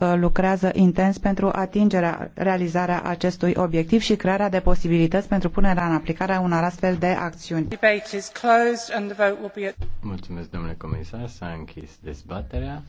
Uh, lucrează intens pentru atingerea, realizarea acestui obiectiv și crearea de posibilități pentru punerea în aplicare a unor astfel de acțiuni. Mulțumesc, domnule comisar. S-a închis dezbaterea.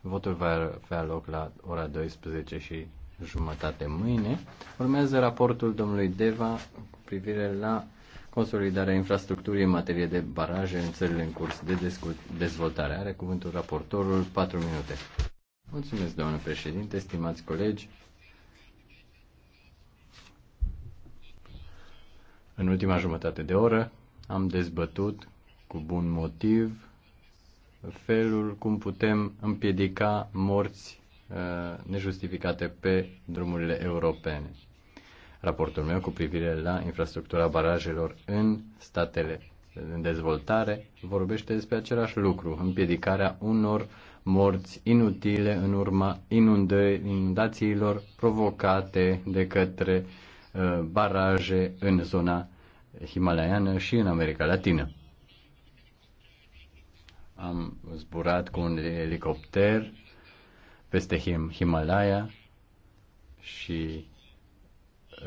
Votul va avea loc la ora 12 și jumătate mâine. Urmează raportul domnului Deva cu privire la consolidarea infrastructurii în materie de baraje în țările în curs de dezvoltare. Are cuvântul raportorul 4 minute. Mulțumesc, doamnă președinte, stimați colegi. În ultima jumătate de oră am dezbătut cu bun motiv felul cum putem împiedica morți uh, nejustificate pe drumurile europene. Raportul meu cu privire la infrastructura barajelor în statele în dezvoltare vorbește despre același lucru, împiedicarea unor morți inutile în urma inundațiilor provocate de către uh, baraje în zona himalaiană și în America Latină. Am zburat cu un elicopter peste Him- Himalaya și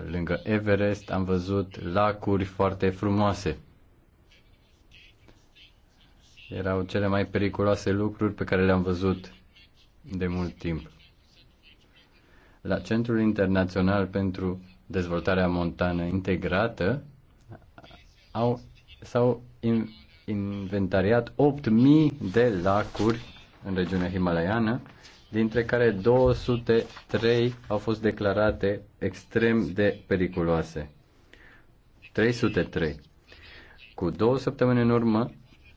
uh, lângă Everest am văzut lacuri foarte frumoase erau cele mai periculoase lucruri pe care le-am văzut de mult timp. La Centrul Internațional pentru Dezvoltarea Montană Integrată au, s-au in, inventariat 8.000 de lacuri în regiunea himalaiană, dintre care 203 au fost declarate extrem de periculoase. 303. Cu două săptămâni în urmă,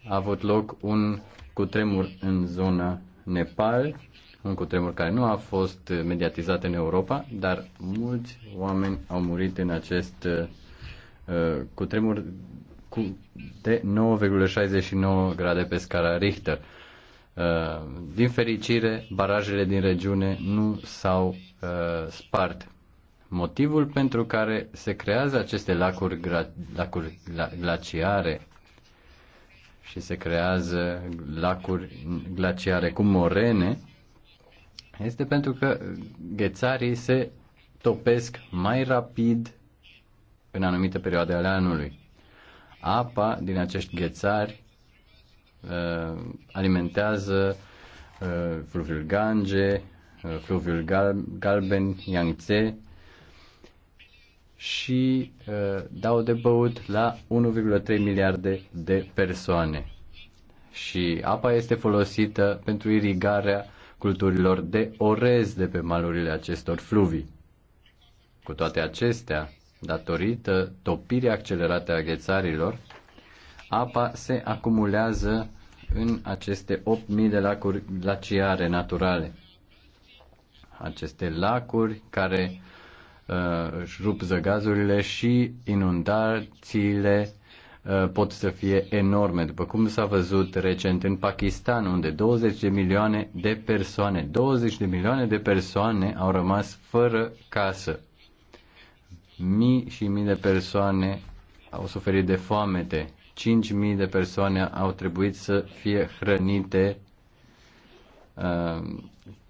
a avut loc un cutremur în zona Nepal, un cutremur care nu a fost mediatizat în Europa, dar mulți oameni au murit în acest uh, cutremur cu, de 9,69 grade pe scara Richter. Uh, din fericire, barajele din regiune nu s-au uh, spart. Motivul pentru care se creează aceste lacuri, gra- lacuri glaciare și se creează lacuri glaciare cu morene, este pentru că ghețarii se topesc mai rapid în anumite perioade ale anului. Apa din acești ghețari uh, alimentează uh, fluviul Gange, uh, fluviul Gal- Galben, Yangtze și uh, dau de băut la 1,3 miliarde de persoane. Și apa este folosită pentru irigarea culturilor de orez de pe malurile acestor fluvii. Cu toate acestea, datorită topirii accelerate a ghețarilor, apa se acumulează în aceste 8.000 de lacuri glaciare naturale. Aceste lacuri care Uh, își rup zăgazurile și inundațiile uh, pot să fie enorme, după cum s-a văzut recent în Pakistan, unde 20 de milioane de persoane, 20 de milioane de persoane au rămas fără casă. Mii și mii de persoane au suferit de foamete, 5.000 de persoane au trebuit să fie hrănite uh,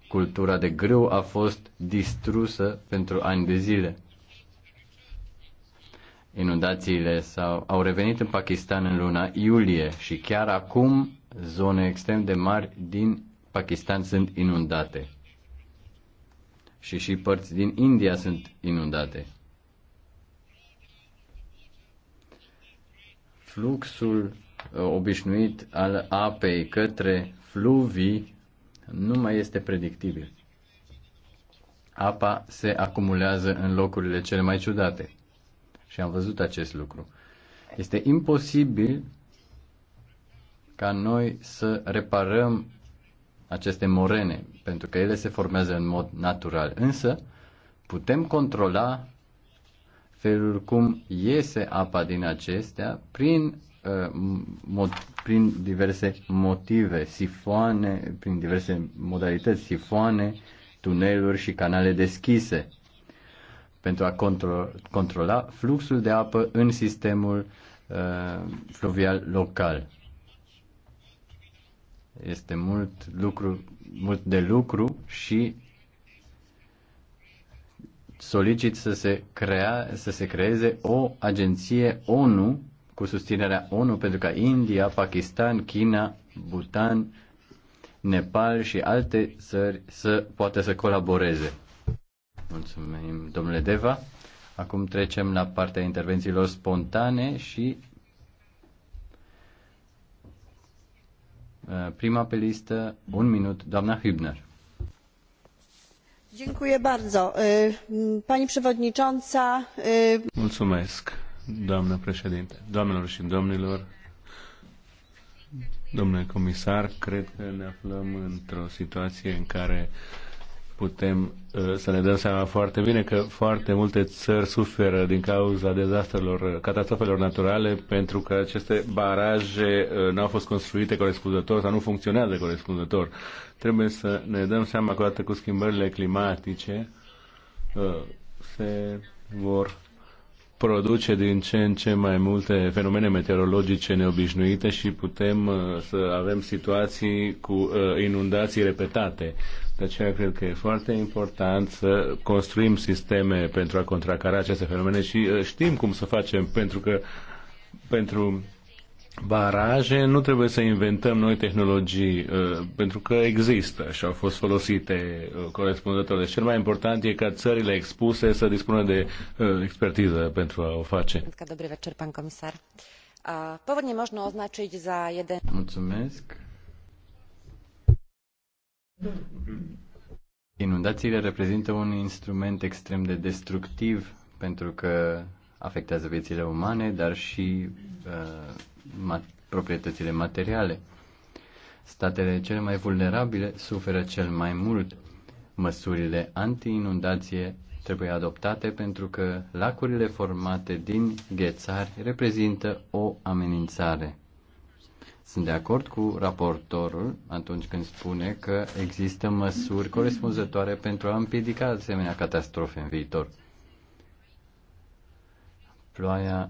Cultura de grâu a fost distrusă pentru ani de zile. Inundațiile sau au revenit în Pakistan în luna iulie și chiar acum zone extrem de mari din Pakistan sunt inundate. Și și părți din India sunt inundate. Fluxul uh, obișnuit al apei către fluvii nu mai este predictibil. Apa se acumulează în locurile cele mai ciudate. Și am văzut acest lucru. Este imposibil ca noi să reparăm aceste morene, pentru că ele se formează în mod natural. Însă, putem controla felul cum iese apa din acestea prin prin diverse motive, sifoane, prin diverse modalități, sifoane, tuneluri și canale deschise pentru a contro- controla fluxul de apă în sistemul uh, fluvial local. Este mult lucru, mult de lucru și solicit să se, crea, să se creeze o agenție ONU cu susținerea ONU pentru ca India, Pakistan, China, Bhutan, Nepal și alte țări să poată să colaboreze. Mulțumim, domnule Deva. Acum trecem la partea intervențiilor spontane și uh, prima pe listă, un minut, doamna Hübner. Dziękuję bardzo. Pani przewodnicząca. Mulțumesc doamnă președinte, doamnelor și domnilor, domnule comisar, cred că ne aflăm într-o situație în care putem uh, să ne dăm seama foarte bine că foarte multe țări suferă din cauza dezastrelor, catastrofelor naturale pentru că aceste baraje uh, nu au fost construite corespunzător sau nu funcționează corespunzător. Trebuie să ne dăm seama că odată cu schimbările climatice uh, se vor produce din ce în ce mai multe fenomene meteorologice neobișnuite și putem uh, să avem situații cu uh, inundații repetate. De aceea cred că e foarte important să construim sisteme pentru a contracara aceste fenomene și uh, știm cum să facem pentru că pentru baraje, nu trebuie să inventăm noi tehnologii, uh, pentru că există și au fost folosite uh, corespunzător. Deci cel mai important e ca țările expuse să dispună de uh, expertiză pentru a o face. comisar. Mulțumesc. Inundațiile reprezintă un instrument extrem de destructiv pentru că afectează viețile umane, dar și uh, proprietățile materiale. Statele cele mai vulnerabile suferă cel mai mult. Măsurile anti-inundație trebuie adoptate pentru că lacurile formate din ghețari reprezintă o amenințare. Sunt de acord cu raportorul atunci când spune că există măsuri corespunzătoare pentru a împiedica asemenea catastrofe în viitor. Ploaia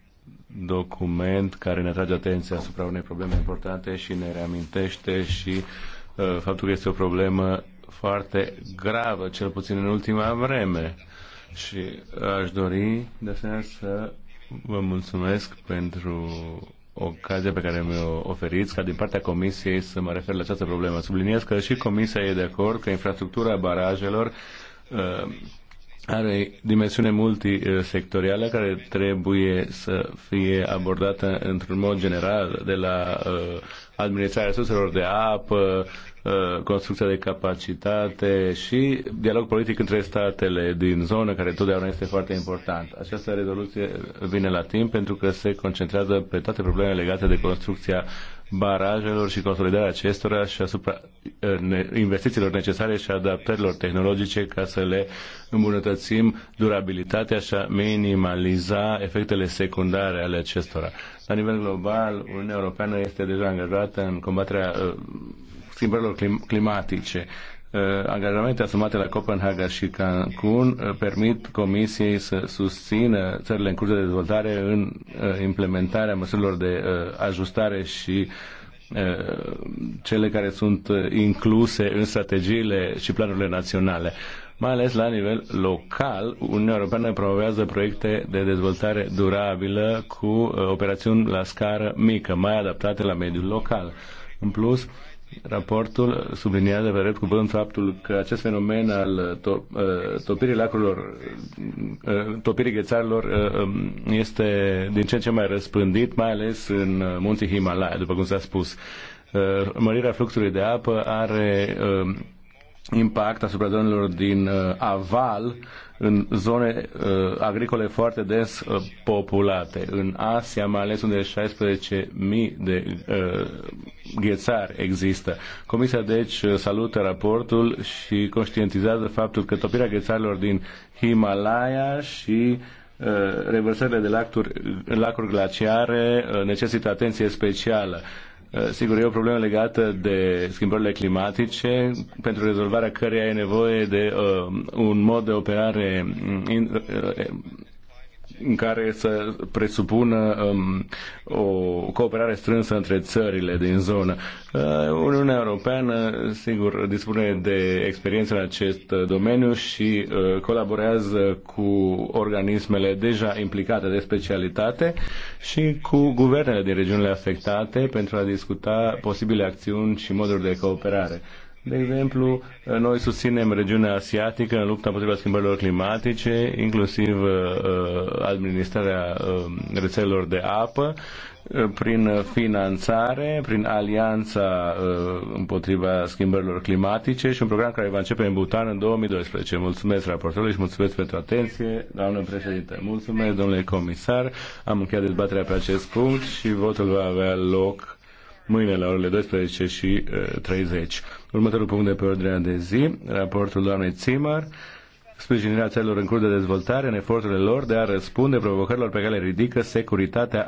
document care ne atrage atenția asupra unei probleme importante și ne reamintește și uh, faptul că este o problemă foarte gravă, cel puțin în ultima vreme. Și aș dori, de asemenea, să vă mulțumesc pentru ocazia pe care mi-o oferiți ca din partea Comisiei să mă refer la această problemă. Subliniez că și Comisia e de acord că infrastructura barajelor uh, are dimensiune multisectorială care trebuie să fie abordată într-un mod general, de la uh, administrarea resurselor de apă, uh, construcția de capacitate și dialog politic între statele din zonă, care totdeauna este foarte important. Această rezoluție vine la timp pentru că se concentrează pe toate problemele legate de construcția barajelor și consolidarea acestora și asupra eh, investițiilor necesare și adaptărilor tehnologice ca să le îmbunătățim durabilitatea și a minimaliza efectele secundare ale acestora. La nivel global, Uniunea Europeană este deja angajată în combaterea eh, schimbărilor climatice. Uh, angajamente asumate la Copenhaga și Cancun uh, permit Comisiei să susțină țările în curs de dezvoltare în uh, implementarea măsurilor de ajustare și cele care sunt incluse în strategiile și planurile naționale. Mai ales la nivel local, Uniunea Europeană promovează proiecte de dezvoltare durabilă cu operațiuni la scară mică, mai adaptate la mediul local. În plus, Raportul subliniază pe drept cuvânt faptul că acest fenomen al to- uh, topirii lacurilor, uh, topirii ghețarilor uh, um, este din ce în ce mai răspândit, mai ales în munții Himalaya, după cum s-a spus. Mărirea fluxului de apă are um, impact asupra zonelor din uh, aval în zone uh, agricole foarte des uh, populate. În Asia, mai ales unde 16.000 de uh, ghețari există. Comisia, deci, uh, salută raportul și conștientizează faptul că topirea ghețarilor din Himalaya și uh, revărsările de lacuri, lacuri glaciare uh, necesită atenție specială. Uh, Eh, sigur, e o problemă legată de schimbările climatice, pentru rezolvarea căreia e nevoie de uh, un mod de operare mm, eh, în care să presupună um, o cooperare strânsă între țările din zonă. Uh, Uniunea Europeană, sigur, dispune de experiență în acest uh, domeniu și uh, colaborează cu organismele deja implicate de specialitate și cu guvernele din regiunile afectate pentru a discuta posibile acțiuni și moduri de cooperare. De exemplu, noi susținem regiunea asiatică în lupta împotriva schimbărilor climatice, inclusiv uh, administrarea uh, rețelelor de apă, uh, prin finanțare, prin alianța împotriva schimbărilor climatice și un program care va începe în Bhutan în 2012. Mulțumesc raportorului și mulțumesc pentru atenție, doamnă președinte. Mulțumesc, domnule comisar. Am încheiat dezbaterea pe acest punct și votul va avea loc mâine la orele 12 și 30. Următorul punct de pe ordinea de zi, raportul doamnei Țimar, sprijinirea țărilor în curs de dezvoltare în eforturile lor de a răspunde provocărilor pe care le ridică securitatea